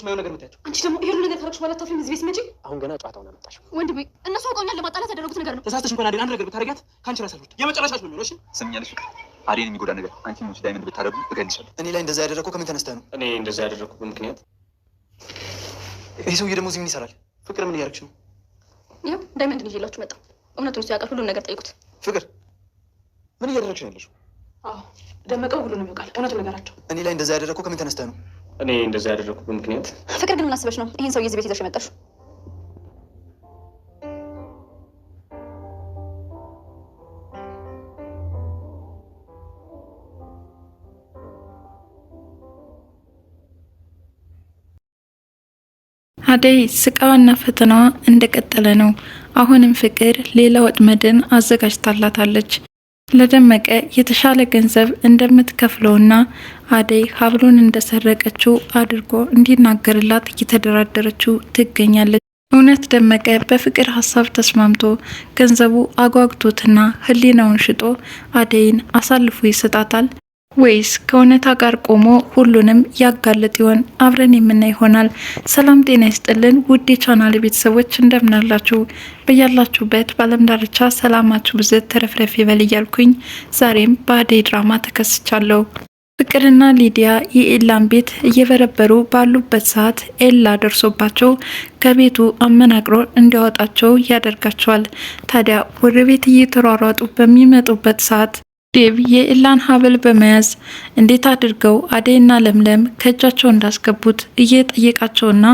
ሰዎች ማየው ነገር መታያቸው። አንቺ ደግሞ ይሄ ሁሉ ነገር ታረቅሽ ማለት ተውፊም እዚህ መጪ። አሁን ገና ጨዋታውን አመጣሽ። ወንድሜ እነሱ አውቀውኛል ለማጣላት ያደረጉት ነገር ነው። ተሳስተሽ እንኳን አዴን አንድ ነገር ብታረጋት ካንቺ ራስ አልወድ የመጨረሻሽ ነው የሚሆነው። እሺ ስምኛለሽ አዴን የሚጎዳ ነገር አንቺ ምን ዳይመንድ ብታደርጉ እገልሻለሁ። እኔ ላይ እንደዛ ያደረግኩ ከምን ተነስተ ነው? እኔ እንደዛ ያደረግኩ ምክንያት ይህ ሰውዬ ደግሞ እዚህ ምን ይሰራል? ፍቅር ምን እያደረግሽ ነው? ያው ዳይመንድ ነው ይላችሁ መጣ። እውነቱን ሲያውቃል ሁሉን ነገር ጠይቁት። ፍቅር ምን እያደረግሽ ነው ያለሽው? አዎ ደመቀው ሁሉንም ያውቃል። እውነቱን ነገራቸው። እኔ ላይ እንደዛ ያደረግኩ ከምን ተነስተ ነው? እኔ እንደዚህ ያደረኩበት ምክንያት ፍቅር ግን ምን አስበሽ ነው ይህን ሰው የዚህ ቤት ይዘሽ የመጣሽው? አደይ ስቃዋና ፈተናዋ እንደቀጠለ ነው። አሁንም ፍቅር ሌላ ወጥመድን አዘጋጅታላታለች። ለደመቀ የተሻለ ገንዘብ እንደምትከፍለውና አደይ ሀብሉን እንደሰረቀችው አድርጎ እንዲናገርላት እየተደራደረችው ትገኛለች። እውነት ደመቀ በፍቅር ሀሳብ ተስማምቶ ገንዘቡ አጓግቶትና ሕሊናውን ሽጦ አደይን አሳልፎ ይሰጣታል? ወይስ ከእውነታ ጋር ቆሞ ሁሉንም ያጋልጥ ይሆን? አብረን የምናይ ይሆናል። ሰላም ጤና ይስጥልን ውድ የቻናል ቤተሰቦች እንደምናላችሁ በያላችሁበት በአለም ዳርቻ ሰላማችሁ ብዘት ተረፍረፍ ይበል እያልኩኝ ዛሬም በአደይ ድራማ ተከስቻለሁ። ፍቅርና ሊዲያ የኤላን ቤት እየበረበሩ ባሉበት ሰዓት ኤላ ደርሶባቸው ከቤቱ አመናቅሮ እንዲያወጣቸው ያደርጋቸዋል። ታዲያ ወደ ቤት እየተሯሯጡ በሚመጡበት ሰዓት ዴቭ የኢላን ሀብል በመያዝ እንዴት አድርገው አደይና ለምለም ከእጃቸው እንዳስገቡት እየጠየቃቸውና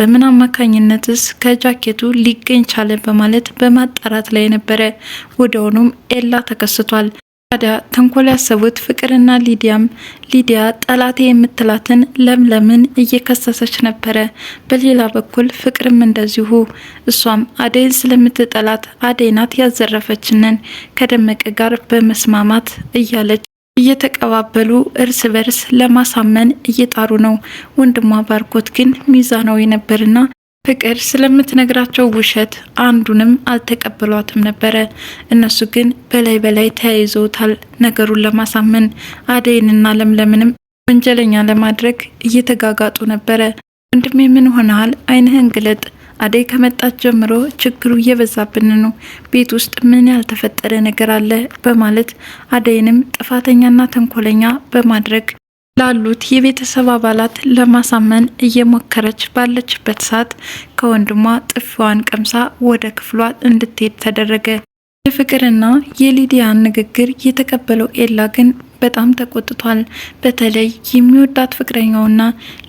በምን አማካኝነትስ ከጃኬቱ ሊገኝ ቻለ በማለት በማጣራት ላይ ነበረ። ወደሆኑም ኤላ ተከስቷል። ታዲያ ተንኮል ያሰቡት ፍቅርና ሊዲያም ሊዲያ ጠላቴ የምትላትን ለምለምን እየከሰሰች ነበረ። በሌላ በኩል ፍቅርም እንደዚሁ እሷም አደይን ስለምትጠላት አደይ ያዘረፈችንን ከደመቀ ጋር በመስማማት እያለች እየተቀባበሉ እርስ በርስ ለማሳመን እየጣሩ ነው። ወንድሟ ባርኮት ግን ሚዛናዊ ነበርና ፍቅር ስለምትነግራቸው ውሸት አንዱንም አልተቀበሏትም ነበረ። እነሱ ግን በላይ በላይ ተያይዘውታል። ነገሩን ለማሳመን አደይንና ለምለምንም ወንጀለኛ ለማድረግ እየተጋጋጡ ነበረ። ወንድሜ ምን ሆነሃል? አይንህን ግለጥ። አደይ ከመጣት ጀምሮ ችግሩ እየበዛብን ነው። ቤት ውስጥ ምን ያልተፈጠረ ነገር አለ? በማለት አደይንም ጥፋተኛና ተንኮለኛ በማድረግ ላሉት የቤተሰብ አባላት ለማሳመን እየሞከረች ባለችበት ሰዓት ከወንድሟ ጥፊዋን ቀምሳ ወደ ክፍሏ እንድትሄድ ተደረገ። የፍቅርና የሊዲያን ንግግር የተቀበለው ኤላ ግን በጣም ተቆጥቷል። በተለይ የሚወዳት ፍቅረኛውና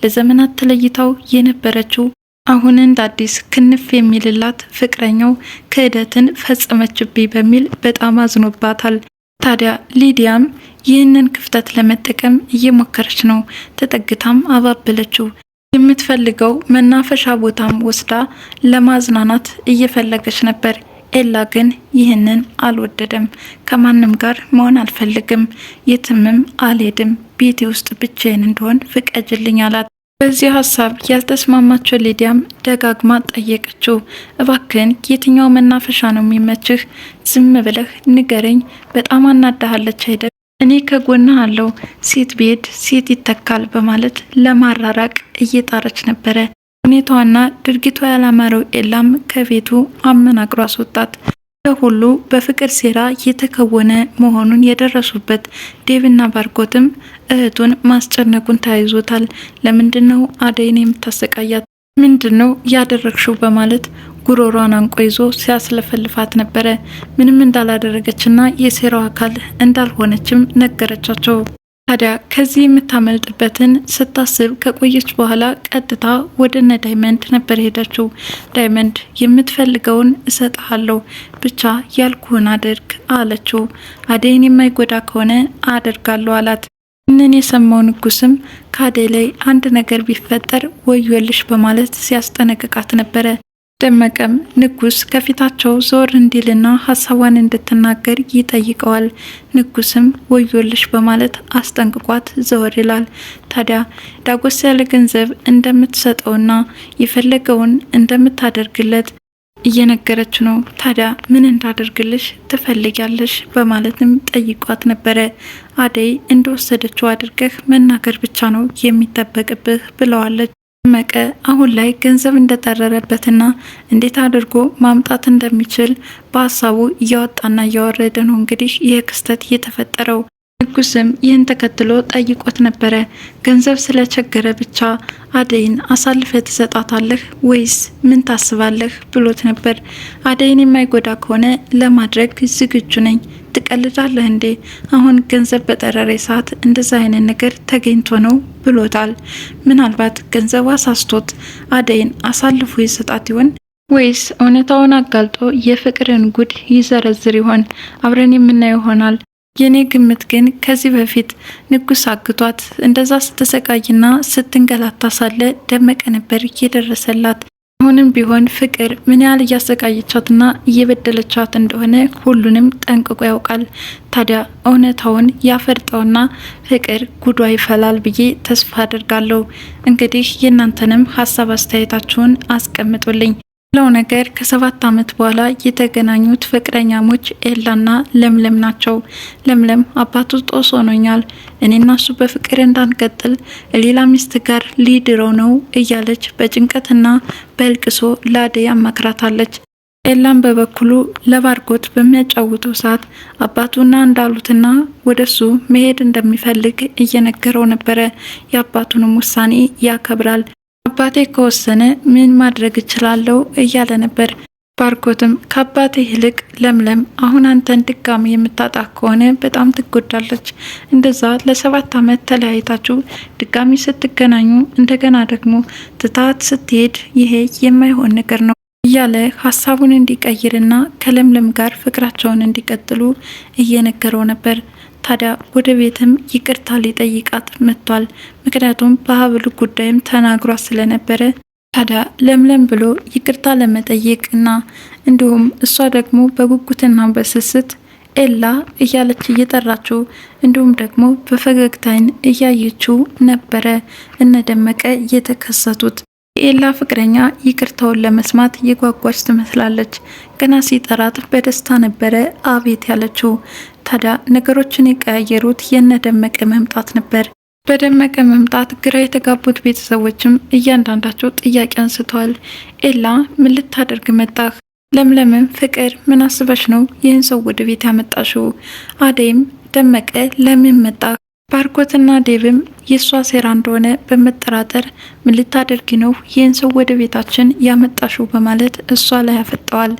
ለዘመናት ተለይታው የነበረችው አሁን እንደ አዲስ ክንፍ የሚልላት ፍቅረኛው ክህደትን ፈጸመችብኝ በሚል በጣም አዝኖባታል። ታዲያ ሊዲያም ይህንን ክፍተት ለመጠቀም እየሞከረች ነው። ተጠግታም አባበለችው። የምትፈልገው መናፈሻ ቦታም ወስዳ ለማዝናናት እየፈለገች ነበር። ኤላ ግን ይህንን አልወደደም። ከማንም ጋር መሆን አልፈልግም፣ የትምም አልሄድም፣ ቤቴ ውስጥ ብቻዬን እንደሆን ፍቀጅልኝ አላት። በዚህ ሀሳብ ያልተስማማቸው ሊዲያም ደጋግማ ጠየቀችው። እባክን የትኛው መናፈሻ ነው የሚመችህ? ዝም ብለህ ንገረኝ። በጣም አናዳሃለች አይደ። እኔ ከጎና አለው ሴት ቤድ ሴት ይተካል በማለት ለማራራቅ እየጣረች ነበረ። ሁኔታዋና ድርጊቷ ያላማረው ኤላም ከቤቱ አመናግሮ አስወጣት። ሁሉ በፍቅር ሴራ የተከወነ መሆኑን የደረሱበት ዴቭና ባርኮትም እህቱን ማስጨነቁን ተያይዞታል። ለምንድን ነው አደይን የምታሰቃያት? ምንድን ነው ያደረግሽው? በማለት ጉሮሯን አንቆ ይዞ ሲያስለፈልፋት ነበረ። ምንም እንዳላደረገችና የሴራው አካል እንዳልሆነችም ነገረቻቸው። ታዲያ ከዚህ የምታመልጥበትን ስታስብ ከቆየች በኋላ ቀጥታ ወደ እነ ዳይመንድ ነበር የሄደችው። ዳይመንድ የምትፈልገውን እሰጥሃለሁ ብቻ ያልኩህን አድርግ አለችው። አደይን የማይጎዳ ከሆነ አደርጋለሁ አላት። ይህንን የሰማው ንጉስም ከአደይ ላይ አንድ ነገር ቢፈጠር ወዮልሽ በማለት ሲያስጠነቅቃት ነበረ። ደመቀም ንጉስ ከፊታቸው ዞር እንዲልና ሀሳቧን እንድትናገር ይጠይቀዋል። ንጉስም ወዮልሽ በማለት አስጠንቅቋት ዘወር ይላል። ታዲያ ዳጎስ ያለ ገንዘብ እንደምትሰጠውና የፈለገውን እንደምታደርግለት እየነገረች ነው። ታዲያ ምን እንዳደርግልሽ ትፈልጊያለሽ? በማለትም ጠይቋት ነበረ። አደይ እንደወሰደችው አድርገህ መናገር ብቻ ነው የሚጠበቅብህ ብለዋለች። መቀ አሁን ላይ ገንዘብ እንደጠረረበትና እንዴት አድርጎ ማምጣት እንደሚችል በሀሳቡ እያወጣና እያወረደ ነው። እንግዲህ ይህ ክስተት እየተፈጠረው ንጉስም ይህን ተከትሎ ጠይቆት ነበረ። ገንዘብ ስለቸገረ ብቻ አደይን አሳልፈ ትሰጣታለህ ወይስ ምን ታስባለህ ብሎት ነበር። አደይን የማይጎዳ ከሆነ ለማድረግ ዝግጁ ነኝ። ትቀልዳለህ እንዴ? አሁን ገንዘብ በጠረሬ ሰዓት እንደዛ አይነት ነገር ተገኝቶ ነው ብሎታል። ምናልባት ገንዘቡ አሳስቶት አደይን አሳልፎ ይሰጣት ይሆን ወይስ እውነታውን አጋልጦ የፍቅርን ጉድ ይዘረዝር ይሆን? አብረን የምናየው ይሆናል። የኔ ግምት ግን ከዚህ በፊት ንጉስ አግቷት እንደዛ ስትሰቃይና ስትንገላታ ሳለ ደመቀ ነበር እየደረሰላት። አሁንም ቢሆን ፍቅር ምን ያህል እያሰቃየቻትና እየበደለቻት እንደሆነ ሁሉንም ጠንቅቆ ያውቃል። ታዲያ እውነታውን ያፈርጠውና ፍቅር ጉዷ ይፈላል ብዬ ተስፋ አድርጋለሁ። እንግዲህ የእናንተንም ሀሳብ አስተያየታችሁን አስቀምጡልኝ። ለው ነገር ከሰባት ዓመት በኋላ የተገናኙት ፍቅረኛሞች ኤላና ለምለም ናቸው። ለምለም አባቱ ጦስ ሆኖኛል፣ እኔና እሱ በፍቅር እንዳንቀጥል ሌላ ሚስት ጋር ሊድረው ነው እያለች በጭንቀትና በእልቅሶ ለአደይ አማክራታለች። ኤላም በበኩሉ ለባርኮት በሚያጫውቱ ሰዓት አባቱና እንዳሉትና ወደሱ መሄድ እንደሚፈልግ እየነገረው ነበረ። የአባቱንም ውሳኔ ያከብራል። አባቴ ከወሰነ ምን ማድረግ እችላለሁ እያለ ነበር። ባርኮትም ከአባቴ ይልቅ ለምለም አሁን አንተን ድጋሚ የምታጣ ከሆነ በጣም ትጎዳለች። እንደዛ ለሰባት ዓመት ተለያይታችሁ ድጋሚ ስትገናኙ እንደገና ደግሞ ትታት ስትሄድ ይሄ የማይሆን ነገር ነው እያለ ሀሳቡን እንዲቀይርና ከለምለም ጋር ፍቅራቸውን እንዲቀጥሉ እየነገረው ነበር። ታዲያ ወደ ቤትም ይቅርታ ሊጠይቃት መጥቷል። ምክንያቱም በሀብል ጉዳይም ተናግሯ ስለነበረ ታዲያ ለምለም ብሎ ይቅርታ ለመጠየቅ እና እንዲሁም እሷ ደግሞ በጉጉትና በስስት ኤላ እያለች እየጠራችው እንዲሁም ደግሞ በፈገግታ እያየችው ነበረ። እነደመቀ የተከሰቱት የኤላ ፍቅረኛ ይቅርታውን ለመስማት የጓጓች ትመስላለች። ገና ሲጠራት በደስታ ነበረ አቤት ያለችው። ታዲያ ነገሮችን የቀያየሩት የነ ደመቀ መምጣት ነበር። በደመቀ መምጣት ግራ የተጋቡት ቤተሰቦችም እያንዳንዳቸው ጥያቄ አንስተዋል። ኤላ ምን ልታደርግ መጣህ? ለምለምም ፍቅር ምን አስበሽ ነው ይህን ሰው ወደ ቤት ያመጣሽው? አደይም ደመቀ ለምን መጣህ? ባርኮትና ዴብም የእሷ ሴራ እንደሆነ በመጠራጠር ምን ልታደርጊ ነው ይህን ሰው ወደ ቤታችን ያመጣሽው በማለት እሷ ላይ ያፈጠዋል።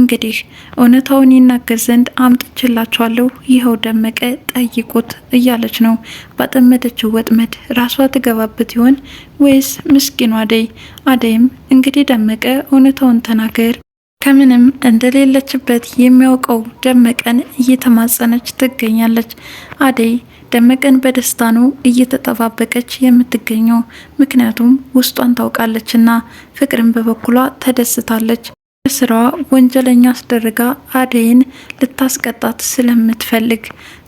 እንግዲህ እውነታውን ይናገር ዘንድ አምጥቼላችኋለሁ፣ ይኸው ደመቀ ጠይቁት እያለች ነው። ባጠመደችው ወጥመድ ራሷ ትገባበት ይሆን ወይስ ምስኪኑ አደይ? አደይም እንግዲህ ደመቀ እውነታውን ተናገር ከምንም እንደሌለችበት የሚያውቀው ደመቀን እየተማጸነች ትገኛለች አደይ ደመቀን በደስታ ነው እየተጠባበቀች የምትገኘው። ምክንያቱም ውስጧን ታውቃለችና፣ ፍቅርን በበኩሏ ተደስታለች። ስራዋ ወንጀለኛ አስደርጋ አደይን ልታስቀጣት ስለምትፈልግ፣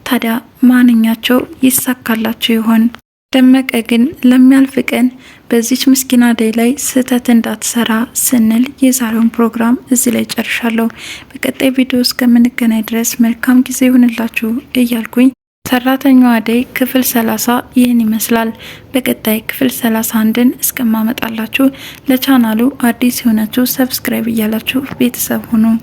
ታዲያ ማንኛቸው ይሳካላቸው ይሆን? ደመቀ ግን ለሚያልፍ ቀን በዚች ምስኪን አደይ ላይ ስህተት እንዳትሰራ ስንል የዛሬውን ፕሮግራም እዚህ ላይ ጨርሻለሁ። በቀጣይ ቪዲዮ እስከምንገናኝ ድረስ መልካም ጊዜ ይሁንላችሁ እያልኩኝ ሰራተኛዋ አደይ ክፍል 30 ይህን ይመስላል። በቀጣይ ክፍል 31ን እስከማመጣላችሁ ለቻናሉ አዲስ የሆነችው ሰብስክራይብ እያላችሁ ቤተሰብ ሁኑ።